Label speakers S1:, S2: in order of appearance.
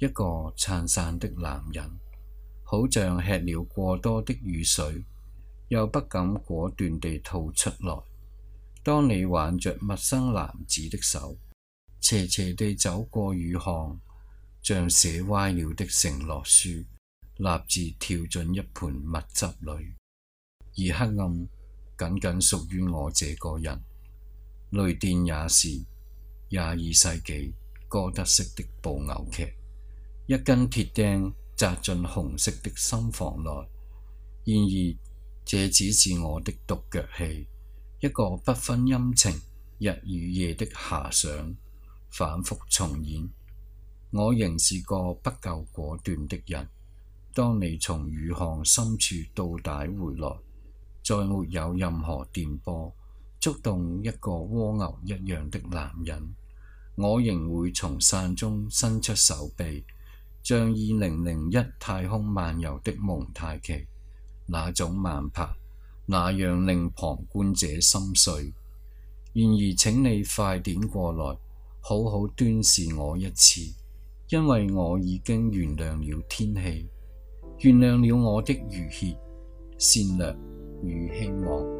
S1: 一個撐傘的男人，好像吃了過多的雨水，又不敢果斷地吐出來。當你挽着陌生男子的手，斜斜地走過雨巷，像寫歪了的承諾書，立字跳進一盆墨汁裡。而黑暗，僅僅屬於我這個人。雷電也是廿二世紀哥德式的布偶劇。一根鐵釘扎進紅色的心房內，然而這只是我的獨腳戲，一個不分陰晴日與夜的遐想，反覆重演。我仍是個不夠果斷的人。當你從雨巷深處倒帶回來，再沒有任何電波觸動一個蝸牛一樣的男人，我仍會從傘中伸出手臂。像二零零一太空漫遊的蒙太奇，那種慢拍，那樣令旁觀者心碎。然而，請你快點過來，好好端視我一次，因為我已經原諒了天氣，原諒了我的愚怯、善良與希望。